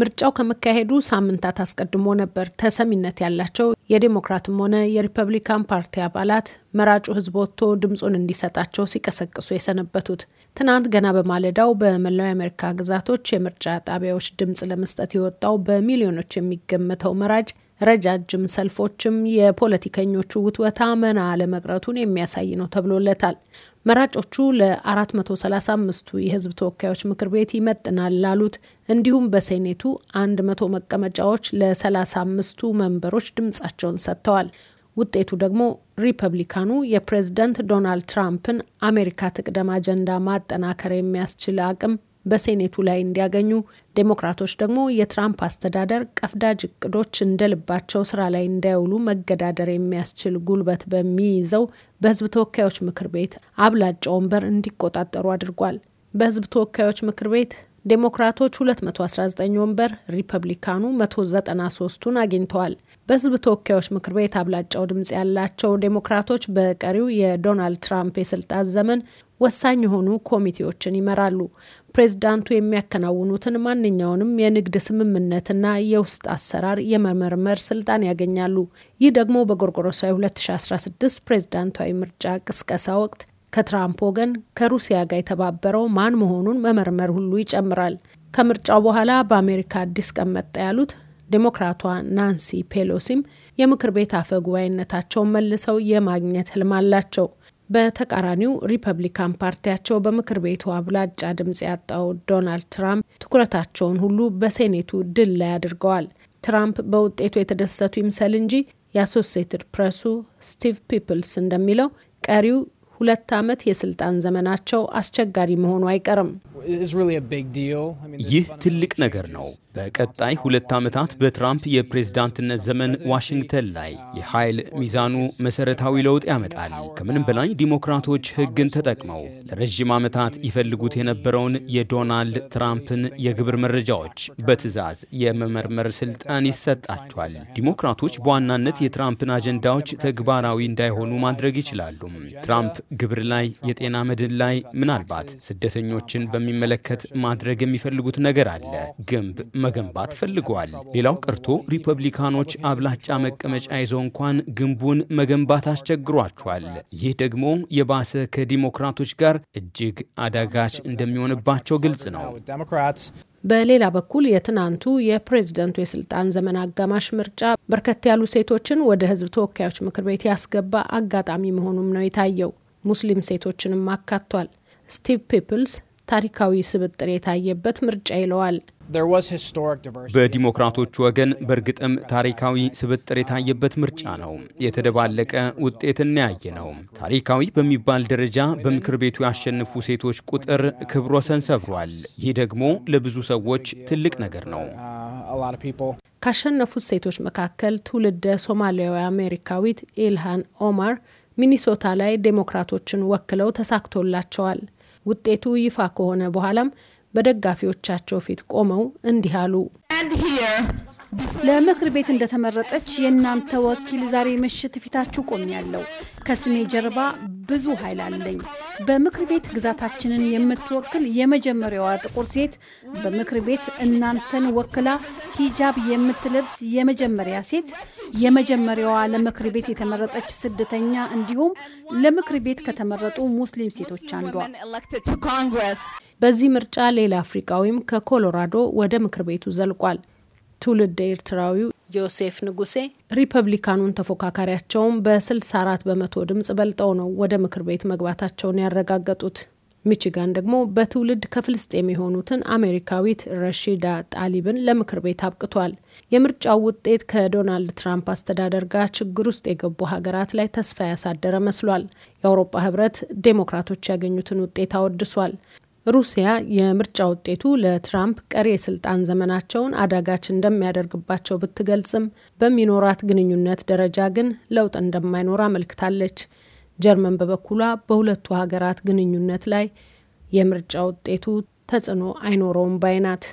ምርጫው ከመካሄዱ ሳምንታት አስቀድሞ ነበር ተሰሚነት ያላቸው የዴሞክራትም ሆነ የሪፐብሊካን ፓርቲ አባላት መራጩ ሕዝብ ወጥቶ ድምፁን እንዲሰጣቸው ሲቀሰቅሱ የሰነበቱት ትናንት ገና በማለዳው በመላው የአሜሪካ ግዛቶች የምርጫ ጣቢያዎች ድምፅ ለመስጠት የወጣው በሚሊዮኖች የሚገመተው መራጭ ረጃጅም ሰልፎችም የፖለቲከኞቹ ውትወታ መና አለመቅረቱን የሚያሳይ ነው ተብሎለታል። መራጮቹ ለ435ቱ የህዝብ ተወካዮች ምክር ቤት ይመጥናል ላሉት እንዲሁም በሴኔቱ 100 መቀመጫዎች ለ35ቱ መንበሮች ድምጻቸውን ሰጥተዋል። ውጤቱ ደግሞ ሪፐብሊካኑ የፕሬዝደንት ዶናልድ ትራምፕን አሜሪካ ትቅደም አጀንዳ ማጠናከር የሚያስችል አቅም በሴኔቱ ላይ እንዲያገኙ፣ ዴሞክራቶች ደግሞ የትራምፕ አስተዳደር ቀፍዳጅ እቅዶች እንደልባቸው ስራ ላይ እንዳይውሉ መገዳደር የሚያስችል ጉልበት በሚይዘው በህዝብ ተወካዮች ምክር ቤት አብላጫ ወንበር እንዲቆጣጠሩ አድርጓል። በህዝብ ተወካዮች ምክር ቤት ዴሞክራቶች 219 ወንበር፣ ሪፐብሊካኑ 193ቱን አግኝተዋል። በህዝብ ተወካዮች ምክር ቤት አብላጫው ድምፅ ያላቸው ዴሞክራቶች በቀሪው የዶናልድ ትራምፕ የስልጣን ዘመን ወሳኝ የሆኑ ኮሚቴዎችን ይመራሉ። ፕሬዝዳንቱ የሚያከናውኑትን ማንኛውንም የንግድ ስምምነትና የውስጥ አሰራር የመመርመር ስልጣን ያገኛሉ። ይህ ደግሞ በጎርጎሮሳዊ 2016 ፕሬዝዳንታዊ ምርጫ ቅስቀሳ ወቅት ከትራምፕ ወገን ከሩሲያ ጋር የተባበረው ማን መሆኑን መመርመር ሁሉ ይጨምራል። ከምርጫው በኋላ በአሜሪካ አዲስ ቀን መጣ ያሉት ዴሞክራቷ ናንሲ ፔሎሲም የምክር ቤት አፈ ጉባኤነታቸውን መልሰው የማግኘት ህልም አላቸው። በተቃራኒው ሪፐብሊካን ፓርቲያቸው በምክር ቤቱ አብላጫ ድምጽ ያጣው ዶናልድ ትራምፕ ትኩረታቸውን ሁሉ በሴኔቱ ድል ላይ አድርገዋል። ትራምፕ በውጤቱ የተደሰቱ ይምሰል እንጂ የአሶሴትድ ፕሬሱ ስቲቭ ፒፕልስ እንደሚለው ቀሪው ሁለት ዓመት የስልጣን ዘመናቸው አስቸጋሪ መሆኑ አይቀርም። ይህ ትልቅ ነገር ነው። በቀጣይ ሁለት ዓመታት በትራምፕ የፕሬዝዳንትነት ዘመን ዋሽንግተን ላይ የኃይል ሚዛኑ መሰረታዊ ለውጥ ያመጣል። ከምንም በላይ ዲሞክራቶች ሕግን ተጠቅመው ለረዥም ዓመታት ይፈልጉት የነበረውን የዶናልድ ትራምፕን የግብር መረጃዎች በትዕዛዝ የመመርመር ስልጣን ይሰጣቸዋል። ዲሞክራቶች በዋናነት የትራምፕን አጀንዳዎች ተግባራዊ እንዳይሆኑ ማድረግ ይችላሉ። ትራምፕ ግብር ላይ፣ የጤና መድን ላይ፣ ምናልባት ስደተኞችን በሚ በሚመለከት ማድረግ የሚፈልጉት ነገር አለ። ግንብ መገንባት ፈልገዋል። ሌላው ቀርቶ ሪፐብሊካኖች አብላጫ መቀመጫ ይዘው እንኳን ግንቡን መገንባት አስቸግሯቸዋል። ይህ ደግሞ የባሰ ከዲሞክራቶች ጋር እጅግ አዳጋች እንደሚሆንባቸው ግልጽ ነው። በሌላ በኩል የትናንቱ የፕሬዝደንቱ የስልጣን ዘመን አጋማሽ ምርጫ በርከት ያሉ ሴቶችን ወደ ህዝብ ተወካዮች ምክር ቤት ያስገባ አጋጣሚ መሆኑም ነው የታየው። ሙስሊም ሴቶችንም አካቷል። ስቲቭ ፒፕልስ ታሪካዊ ስብጥር የታየበት ምርጫ ይለዋል። በዲሞክራቶች ወገን በእርግጥም ታሪካዊ ስብጥር የታየበት ምርጫ ነው። የተደባለቀ ውጤት እናያየ ነው። ታሪካዊ በሚባል ደረጃ በምክር ቤቱ ያሸነፉ ሴቶች ቁጥር ክብረ ወሰን ሰብሯል። ይህ ደግሞ ለብዙ ሰዎች ትልቅ ነገር ነው። uh, ካሸነፉት ሴቶች መካከል ትውልደ ሶማሊያዊ አሜሪካዊት ኢልሃን ኦማር ሚኒሶታ ላይ ዴሞክራቶችን ወክለው ተሳክቶላቸዋል። ውጤቱ ይፋ ከሆነ በኋላም በደጋፊዎቻቸው ፊት ቆመው እንዲህ አሉ። ለምክር ቤት እንደተመረጠች የእናንተ ወኪል ዛሬ ምሽት ፊታችሁ ቆሚያለሁ። ከስሜ ጀርባ ብዙ ኃይል አለኝ። በምክር ቤት ግዛታችንን የምትወክል የመጀመሪያዋ ጥቁር ሴት፣ በምክር ቤት እናንተን ወክላ ሂጃብ የምትለብስ የመጀመሪያ ሴት፣ የመጀመሪያዋ ለምክር ቤት የተመረጠች ስደተኛ፣ እንዲሁም ለምክር ቤት ከተመረጡ ሙስሊም ሴቶች አንዷ። በዚህ ምርጫ ሌላ አፍሪቃዊም ከኮሎራዶ ወደ ምክር ቤቱ ዘልቋል። ትውልድ ኤርትራዊው ዮሴፍ ንጉሴ ሪፐብሊካኑን ተፎካካሪያቸውን በ64 በመቶ ድምጽ በልጠው ነው ወደ ምክር ቤት መግባታቸውን ያረጋገጡት። ሚችጋን ደግሞ በትውልድ ከፍልስጤም የሆኑትን አሜሪካዊት ረሺዳ ጣሊብን ለምክር ቤት አብቅቷል። የምርጫው ውጤት ከዶናልድ ትራምፕ አስተዳደር ጋር ችግር ውስጥ የገቡ ሀገራት ላይ ተስፋ ያሳደረ መስሏል። የአውሮፓ ህብረት ዴሞክራቶች ያገኙትን ውጤት አወድሷል። ሩሲያ የምርጫ ውጤቱ ለትራምፕ ቀሪ የስልጣን ዘመናቸውን አዳጋች እንደሚያደርግባቸው ብትገልጽም በሚኖራት ግንኙነት ደረጃ ግን ለውጥ እንደማይኖር አመልክታለች። ጀርመን በበኩሏ በሁለቱ ሀገራት ግንኙነት ላይ የምርጫ ውጤቱ ተጽዕኖ አይኖረውም ባይናት።